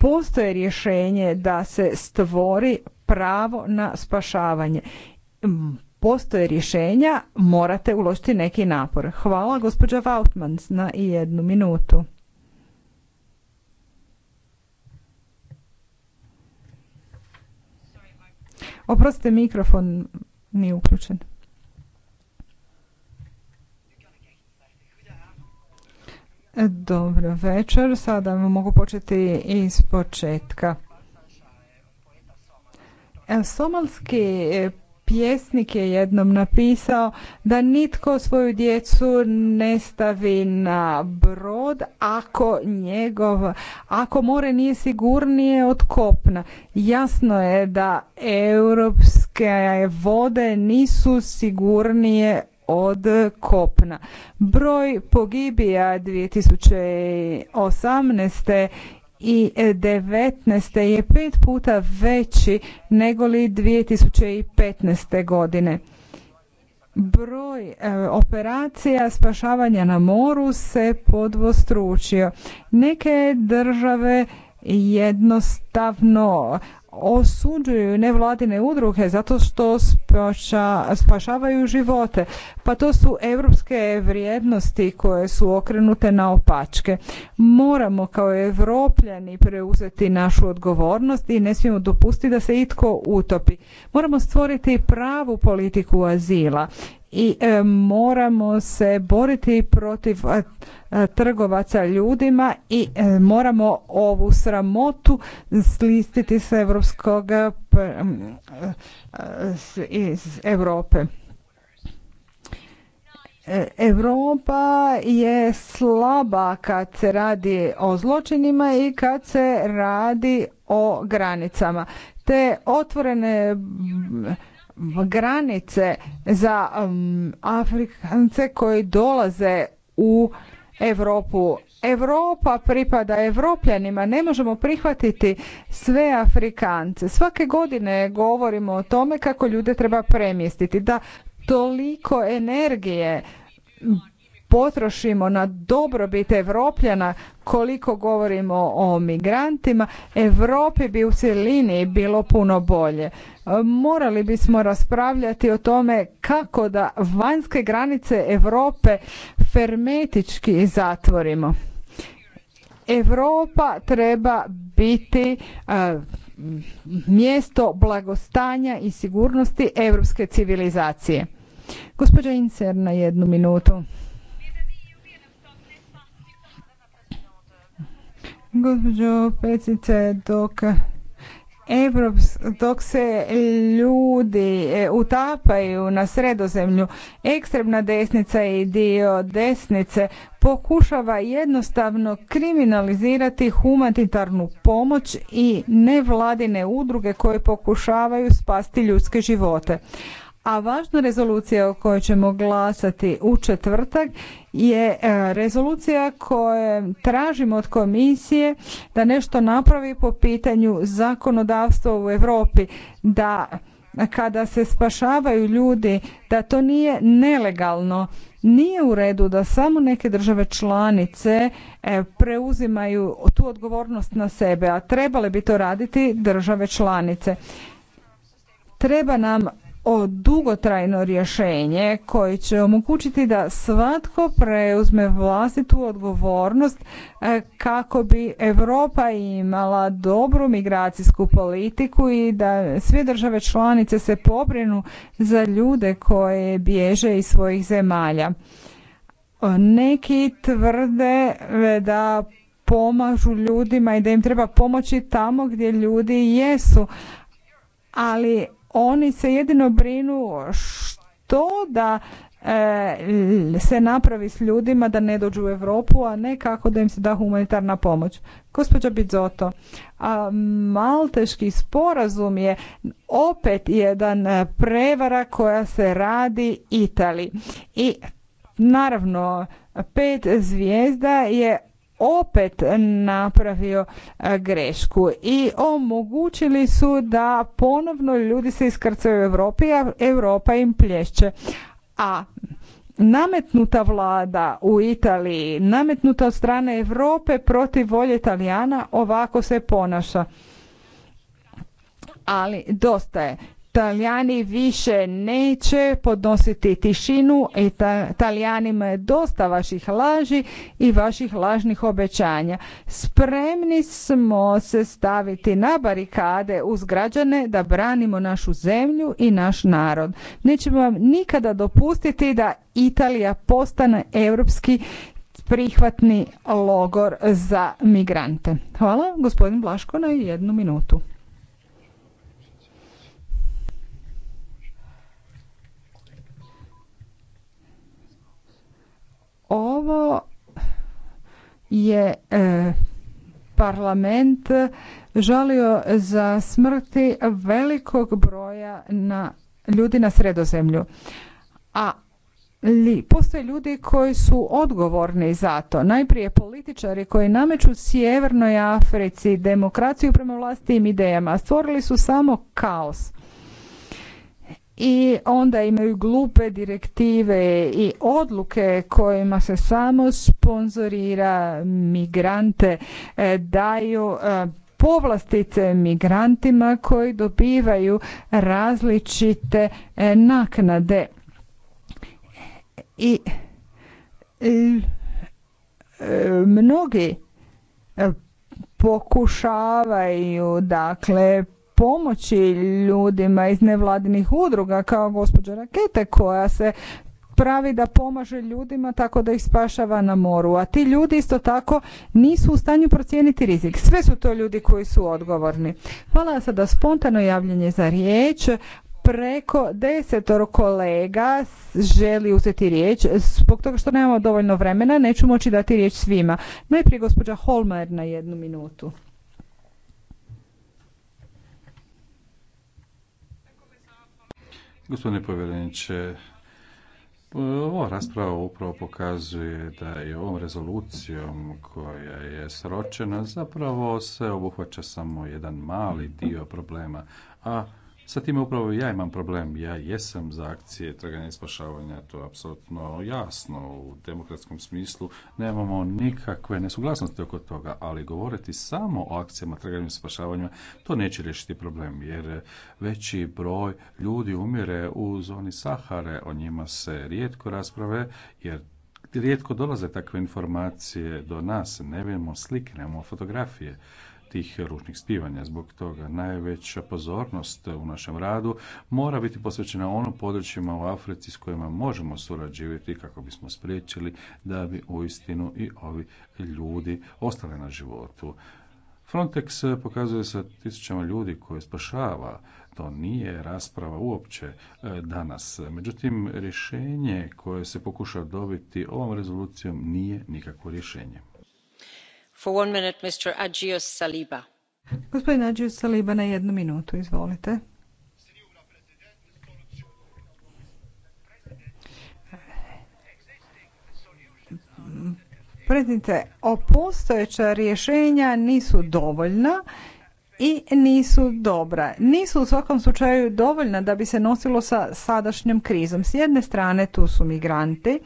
postoje rješenje da se stvori pravo na spašavanje. Postoje rješenja, morate uložiti neki napor. Hvala gospođa Vautmans na jednu minutu. Oprostite, mikrofon nije uključen. Dobro večer, sada mogu početi iz početka. E, somalski e, pjesnik je jednom napisao da nitko svoju djecu ne stavi na brod ako njegov ako more nije sigurnije od kopna. Jasno je da europske vode nisu sigurnije od kopna. Broj pogibija 2018. 2019. E, je pet puta veći nego li 2015. godine. Broj e, operacija spašavanja na moru se podvostručio. Neke države jednostavno osuđuju nevladine udruge zato što spašavaju živote. Pa to su europske vrijednosti koje su okrenute na opačke. Moramo kao evropljani preuzeti našu odgovornost i ne smijemo dopustiti da se itko utopi. Moramo stvoriti pravu politiku azila i e, moramo se boriti protiv trgovaca ljudima i e, moramo ovu sramotu slistiti s europskog iz e, Europe. Europa je slaba kad se radi o zločinima i kad se radi o granicama. Te otvorene granice za um, Afrikance koji dolaze u Europu. Europa pripada Evropljanima, ne možemo prihvatiti sve Afrikance. Svake godine govorimo o tome kako ljude treba premjestiti, da toliko energije potrošimo na dobrobit Evropljana koliko govorimo o migrantima, Europi bi u cjelini bilo puno bolje. Morali bismo raspravljati o tome kako da vanjske granice Europe fermetički zatvorimo. Europa treba biti mjesto blagostanja i sigurnosti europske civilizacije. Gospođa Incer na jednu minutu. Gospođo predsjednice, dok dok se ljudi e, utapaju na sredozemlju, ekstremna desnica i dio desnice pokušava jednostavno kriminalizirati humanitarnu pomoć i nevladine udruge koje pokušavaju spasti ljudske živote. A važna rezolucija o kojoj ćemo glasati u četvrtak je e, rezolucija koje tražimo od komisije da nešto napravi po pitanju zakonodavstva u Europi da kada se spašavaju ljudi da to nije nelegalno nije u redu da samo neke države članice e, preuzimaju tu odgovornost na sebe a trebale bi to raditi države članice treba nam o dugotrajno rješenje koje će omogućiti da svatko preuzme vlastitu odgovornost e, kako bi Europa imala dobru migracijsku politiku i da sve države članice se pobrinu za ljude koje bježe iz svojih zemalja. Neki tvrde e, da pomažu ljudima i da im treba pomoći tamo gdje ljudi jesu, ali oni se jedino brinu što da e, se napravi s ljudima da ne dođu u Europu, a ne kako da im se da humanitarna pomoć. Gospođa Bizoto, a malteški sporazum je opet jedan e, prevara koja se radi Italiji. I naravno, pet zvijezda je opet napravio e, grešku i omogućili su da ponovno ljudi se iskrcaju u Europi, a Europa im plješće. A nametnuta vlada u Italiji, nametnuta od strane Europe protiv volje Italijana, ovako se ponaša. Ali dosta je. Italijani više neće podnositi tišinu i Talijanima je dosta vaših laži i vaših lažnih obećanja. Spremni smo se staviti na barikade uz građane da branimo našu zemlju i naš narod. Nećemo vam nikada dopustiti da Italija postane europski prihvatni logor za migrante. Hvala, gospodin Blaško, na jednu minutu. Ovo je e, parlament žalio za smrti velikog broja na ljudi na sredozemlju. A li, postoje ljudi koji su odgovorni za to. Najprije političari koji nameću Sjevernoj Africi demokraciju prema vlastitim idejama. Stvorili su samo kaos i onda imaju glupe direktive i odluke kojima se samo sponzorira migrante, e, daju e, povlastice migrantima koji dobivaju različite e, naknade. I mnogi pokušavaju dakle pomoći ljudima iz nevladinih udruga kao gospođa Rakete koja se pravi da pomaže ljudima tako da ih spašava na moru, a ti ljudi isto tako nisu u stanju procijeniti rizik. Sve su to ljudi koji su odgovorni. Hvala sada spontano javljanje za riječ. Preko desetoro kolega želi uzeti riječ. Zbog toga što nemamo dovoljno vremena, neću moći dati riječ svima. Najprije gospođa Holmer na jednu minutu. Gospodine povjereniče, ova rasprava upravo pokazuje da je ovom rezolucijom koja je sročena zapravo se obuhvaća samo jedan mali dio problema, a sa time upravo ja imam problem. Ja jesam za akcije traganja i spašavanja, to je apsolutno jasno. U demokratskom smislu nemamo nikakve nesuglasnosti oko toga, ali govoriti samo o akcijama traganja i spašavanja, to neće riješiti problem, jer veći broj ljudi umire u zoni Sahare, o njima se rijetko rasprave, jer rijetko dolaze takve informacije do nas, ne vidimo slike, nemamo fotografije tih ružnih spivanja. Zbog toga najveća pozornost u našem radu mora biti posvećena onim područjima u Africi s kojima možemo surađivati kako bismo spriječili da bi uistinu i ovi ljudi ostali na životu. Frontex pokazuje sa tisućama ljudi koje spašava, to nije rasprava uopće e, danas. Međutim, rješenje koje se pokuša dobiti ovom rezolucijom nije nikakvo rješenje. Gospodin Ađios Saliba na jednu minutu, izvolite. Predsjednice, postojeća rješenja nisu dovoljna i nisu dobra. Nisu u svakom slučaju dovoljna da bi se nosilo sa sadašnjom krizom. S jedne strane tu su migranti,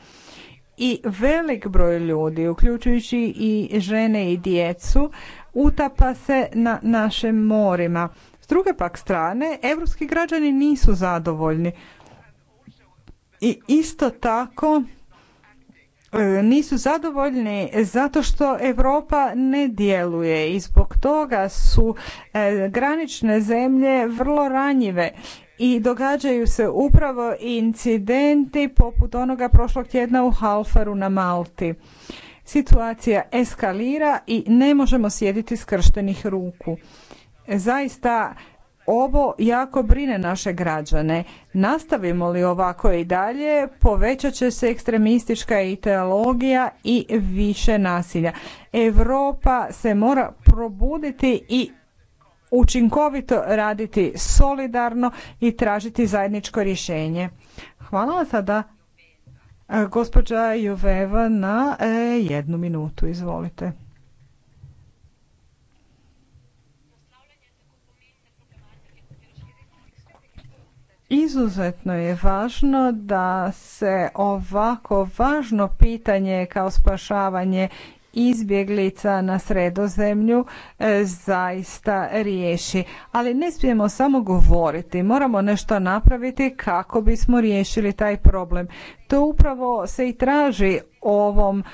i velik broj ljudi, uključujući i žene i djecu, utapa se na našim morima. S druge pak strane, evropski građani nisu zadovoljni. I isto tako e, nisu zadovoljni zato što Europa ne djeluje i zbog toga su e, granične zemlje vrlo ranjive i događaju se upravo incidenti poput onoga prošlog tjedna u Halfaru na Malti. Situacija eskalira i ne možemo sjediti skrštenih ruku. Zaista ovo jako brine naše građane. Nastavimo li ovako i dalje, povećat će se ekstremistička ideologija i više nasilja. Europa se mora probuditi i učinkovito raditi solidarno i tražiti zajedničko rješenje. Hvala sada e, gospođa Juveva, na e, jednu minutu. Izvolite. Izuzetno je važno da se ovako važno pitanje kao spašavanje izbjeglica na sredozemlju e, zaista riješi. Ali ne smijemo samo govoriti, moramo nešto napraviti kako bismo riješili taj problem. To upravo se i traži ovom e,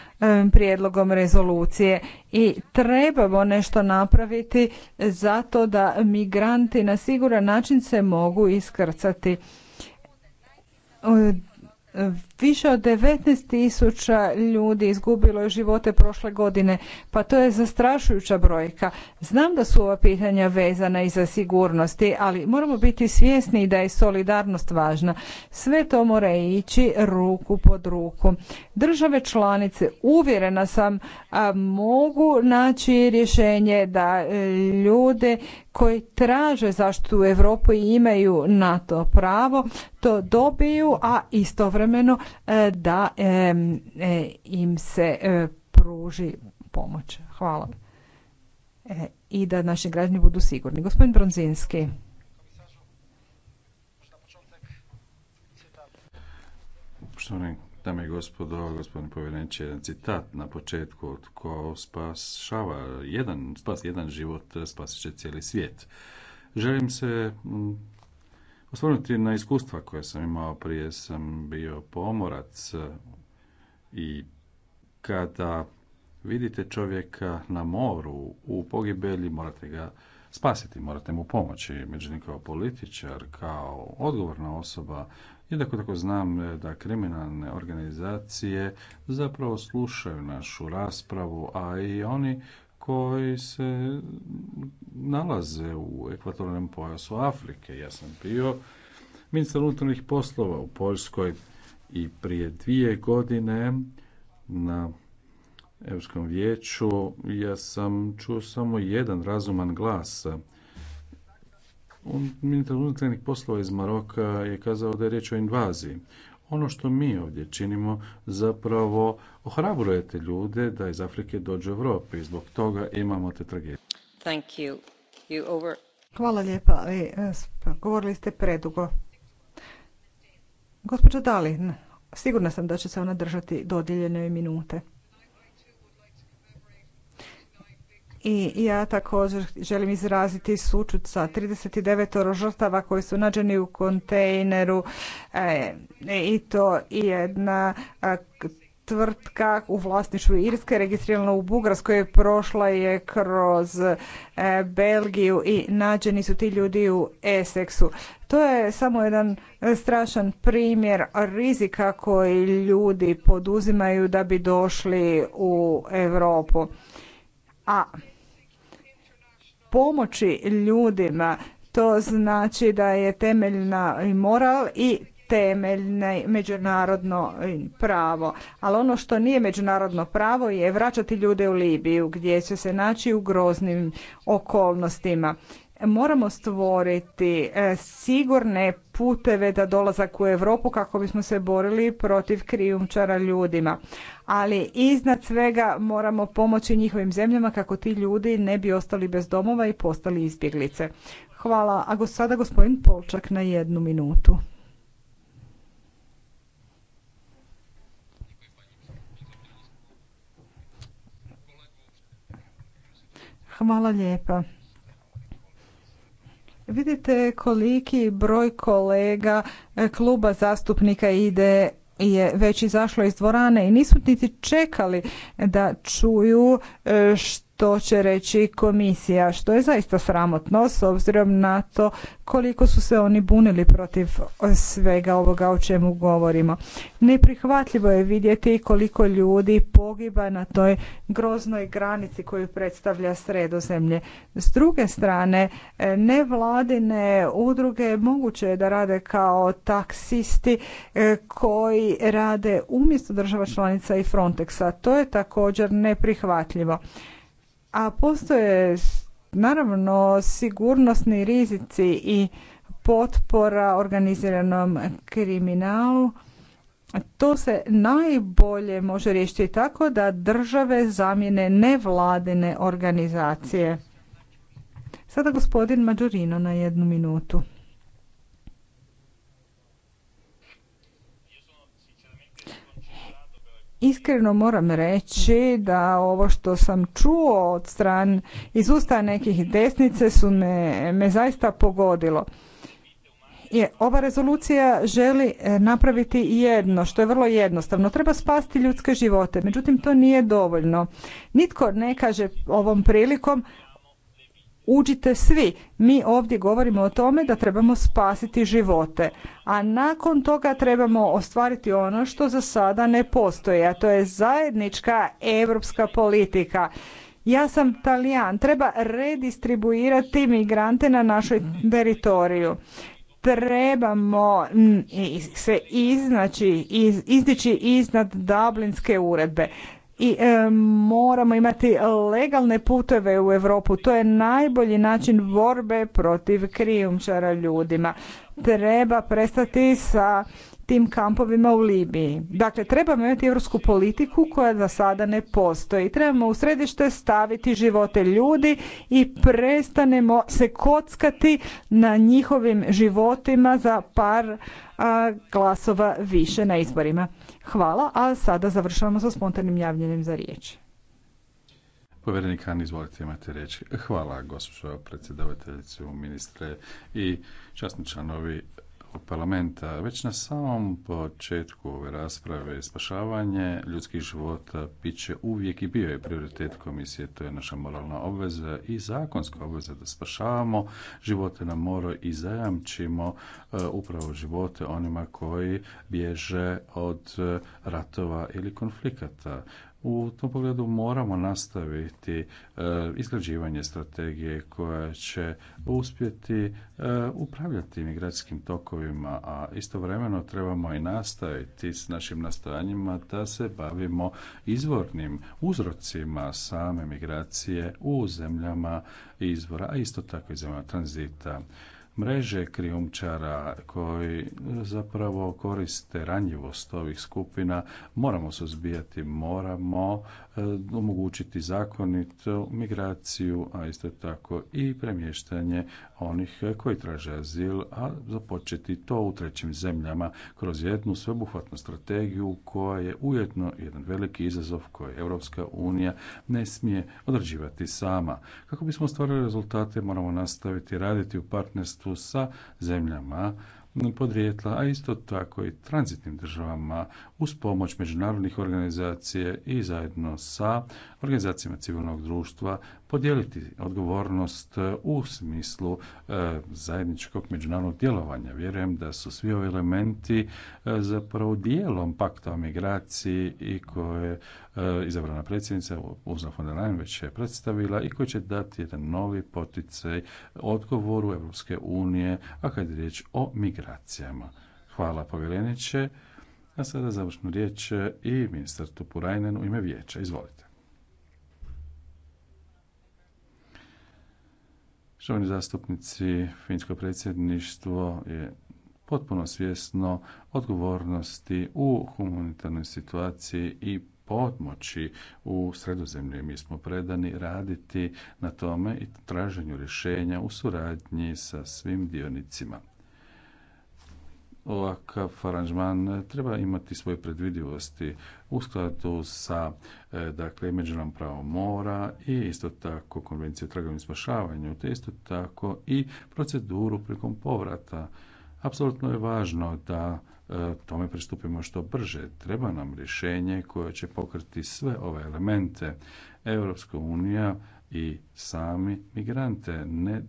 prijedlogom rezolucije i trebamo nešto napraviti zato da migranti na siguran način se mogu iskrcati Više od 19.000 ljudi izgubilo je živote prošle godine, pa to je zastrašujuća brojka. Znam da su ova pitanja vezana i za sigurnosti, ali moramo biti svjesni da je solidarnost važna. Sve to mora ići ruku pod ruku. Države članice, uvjerena sam, mogu naći rješenje da e, ljude koji traže zaštitu u Europu i imaju na to pravo, to dobiju, a istovremeno e, da e, e, im se pruži pomoć. Hvala. I da naši građani budu sigurni. Gospodin Bronzinski. Dame i gospodo, gospodin povjereniče, jedan citat na početku, tko spašava jedan, spas jedan život, spasit će cijeli svijet. Želim se mm, osvrnuti na iskustva koje sam imao prije, sam bio pomorac i kada vidite čovjeka na moru u pogibelji, morate ga spasiti, morate mu pomoći. Međutim, kao političar, kao odgovorna osoba, Jednako tako znam e, da kriminalne organizacije zapravo slušaju našu raspravu, a i oni koji se nalaze u ekvatornom pojasu Afrike. Ja sam bio ministar unutarnjih poslova u Poljskoj i prije dvije godine na Europskom vijeću ja sam čuo samo jedan razuman glas Ministar unutarnjih poslova iz Maroka je kazao da je riječ o invaziji. Ono što mi ovdje činimo zapravo ohrabruje ljude da iz Afrike dođu u Europu i zbog toga imamo te tragedije. Thank you. Hvala lijepa. E, govorili ste predugo. Gospođa Dalin, sigurna sam da će se ona držati dodijeljene minute. I ja također želim izraziti sučut sa 39 žrtava koji su nađeni u kontejneru e, i to jedna tvrtka u vlasništvu Irske registrirana u Bugarskoj prošla je kroz e, Belgiju i nađeni su ti ljudi u Eseksu. To je samo jedan strašan primjer rizika koji ljudi poduzimaju da bi došli u Europu. A pomoći ljudima. To znači da je temeljna moral i temeljne međunarodno pravo. Ali ono što nije međunarodno pravo je vraćati ljude u Libiju gdje će se naći u groznim okolnostima. Moramo stvoriti e, sigurne puteve da dolazak u Europu kako bismo se borili protiv krijumčara ljudima. Ali iznad svega moramo pomoći njihovim zemljama kako ti ljudi ne bi ostali bez domova i postali izbjeglice. Hvala. A sada gospodin Polčak na jednu minutu. Hvala lijepa. Vidite koliki broj kolega e, kluba zastupnika ide je već izašlo iz dvorane i nisu niti čekali da čuju što e, to će reći komisija, što je zaista sramotno s obzirom na to koliko su se oni bunili protiv svega ovoga o čemu govorimo. Neprihvatljivo je vidjeti koliko ljudi pogiba na toj groznoj granici koju predstavlja sredozemlje. S druge strane, nevladine udruge moguće je da rade kao taksisti e, koji rade umjesto država članica i Frontexa. To je također neprihvatljivo a postoje naravno sigurnosni rizici i potpora organiziranom kriminalu to se najbolje može riješiti tako da države zamijene nevladine organizacije. Sada gospodin Mađurino na jednu minutu. Iskreno moram reći da ovo što sam čuo od stran iz usta nekih desnice su me, me zaista pogodilo. Je, ova rezolucija želi e, napraviti jedno, što je vrlo jednostavno. Treba spasti ljudske živote, međutim to nije dovoljno. Nitko ne kaže ovom prilikom uđite svi. Mi ovdje govorimo o tome da trebamo spasiti živote, a nakon toga trebamo ostvariti ono što za sada ne postoji, a to je zajednička europska politika. Ja sam talijan, treba redistribuirati migrante na našoj teritoriju. Trebamo se iznaći, iz, izdići iznad Dublinske uredbe i e, moramo imati legalne puteve u Europu. To je najbolji način borbe protiv krijumčara ljudima. Treba prestati sa tim kampovima u Libiji. Dakle, trebamo imati europsku politiku koja za sada ne postoji. Trebamo u središte staviti živote ljudi i prestanemo se kockati na njihovim životima za par glasova više na izborima. Hvala, a sada završavamo sa spontanim javljanjem za riječ. Povjerenik Han, izvolite, imate riječ. Hvala, gospođo predsjedavateljicu, ministre i časni članovi parlamenta. Već na samom početku ove rasprave spašavanje ljudskih života bit će uvijek i bio je prioritet komisije. To je naša moralna obveza i zakonska obveza da spašavamo živote na moru i zajamčimo e, upravo živote onima koji bježe od e, ratova ili konflikata. U tom pogledu moramo nastaviti e, izgrađivanje strategije koja će uspjeti e, upravljati migracijskim tokovima, a istovremeno trebamo i nastaviti s našim nastojanjima da se bavimo izvornim uzrocima same migracije u zemljama izvora, a isto tako i zemljama tranzita mreže krijumčara koji zapravo koriste ranjivost ovih skupina moramo suzbijati, moramo e, omogućiti zakonitu migraciju, a isto tako i premještanje onih koji traže azil, a započeti to u trećim zemljama kroz jednu sveobuhvatnu strategiju koja je ujedno jedan veliki izazov koji Europska unija ne smije odrađivati sama. Kako bismo ostvarili rezultate moramo nastaviti raditi u partnerstvu tusa sa zemljama podrijetla, a isto tako i tranzitnim državama uz pomoć međunarodnih organizacija i zajedno sa organizacijama civilnog društva podijeliti odgovornost e, u smislu e, zajedničkog međunarodnog djelovanja. Vjerujem da su svi ovi elementi e, zapravo dijelom pakta o migraciji i koje je izabrana predsjednica Uzna von der već je predstavila i koji će dati jedan novi poticaj odgovoru Europske unije, a kad je riječ o migracijama. Hvala povjereniče. A sada završnu riječ e, i ministar Tupurajnen u ime vijeća. Izvolite. Štovani zastupnici, finsko predsjedništvo je potpuno svjesno odgovornosti u humanitarnoj situaciji i pomoći u sredozemlju. Mi smo predani raditi na tome i traženju rješenja u suradnji sa svim dionicima ovakav aranžman treba imati svoje predvidivosti u skladu sa e, dakle, pravom mora i isto tako konvencije o i spašavanju, te isto tako i proceduru prilikom povrata. Apsolutno je važno da e, tome pristupimo što brže. Treba nam rješenje koje će pokriti sve ove elemente. Europska unija i sami migrante ne,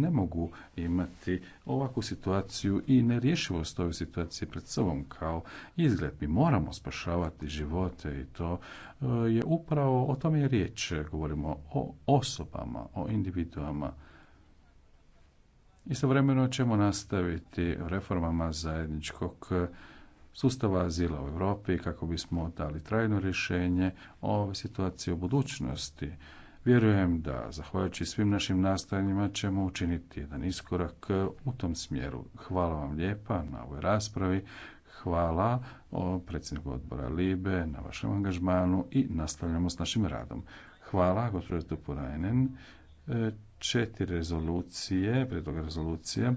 ne mogu imati ovakvu situaciju i nerješivost ove situacije pred sobom kao izgled. Mi moramo spašavati živote i to e, je upravo o tome je riječ. Govorimo o osobama, o individuama. Istovremeno ćemo nastaviti reformama zajedničkog sustava azila u Europi kako bismo dali trajno rješenje o situacije u budućnosti. Vjerujem da, zahvaljujući svim našim nastojanjima, ćemo učiniti jedan iskorak u tom smjeru. Hvala vam lijepa na ovoj raspravi. Hvala o predsjedniku odbora Libe na vašem angažmanu i nastavljamo s našim radom. Hvala, gospođo Tupurajnen. E, četiri rezolucije, predlog rezolucije,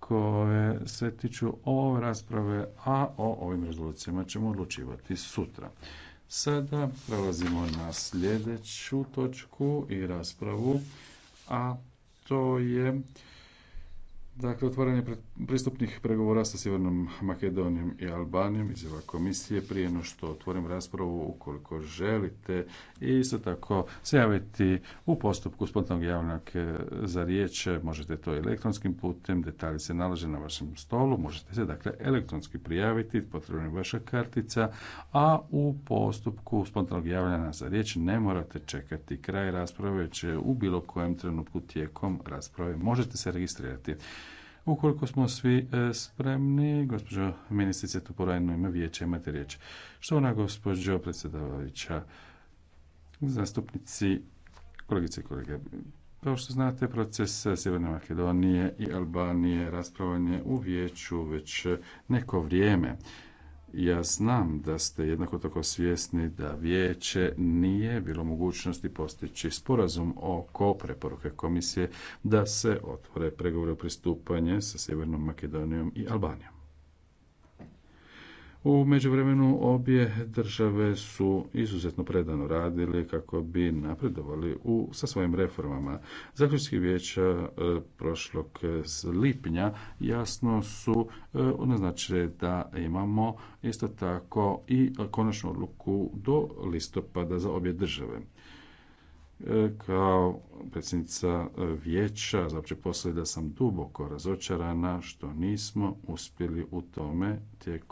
koje se tiču ove rasprave, a o ovim rezolucijama ćemo odlučivati sutra. Sada prelazimo na sljedeću točku i raspravu, a to je Dakle, otvaranje pristupnih pregovora sa Sjevernom Makedonijom i Albanijom izjava komisije prije no što otvorim raspravu ukoliko želite i isto tako se javiti u postupku spontanog javnog e, za riječ. Možete to elektronskim putem, detalji se nalaze na vašem stolu, možete se dakle elektronski prijaviti, potrebna je vaša kartica, a u postupku spontanog javljanja za riječ ne morate čekati kraj rasprave, će u bilo kojem trenutku tijekom rasprave možete se registrirati. Ukoliko smo svi e, spremni, gospođo ministrice porajno ima vijeće, imate riječ. Što ona gospođo predsjedavajuća, zastupnici, kolegice i kolege, kao što znate, proces Sjeverne Makedonije i Albanije raspravljanje je u vijeću već neko vrijeme. Ja znam da ste jednako tako svjesni da vijeće nije bilo mogućnosti postići sporazum oko preporuke komisije da se otvore pregovore o pristupanje sa Sjevernom Makedonijom i Albanijom. U međuvremenu obje države su izuzetno predano radili kako bi napredovali u, sa svojim reformama. Zaključki vijeća e, prošlog lipnja jasno su e, odnaznačili da imamo isto tako i konačnu odluku do listopada za obje države e, kao predsjednica vijeća znači poslije da sam duboko razočarana što nismo uspjeli u tome tijekom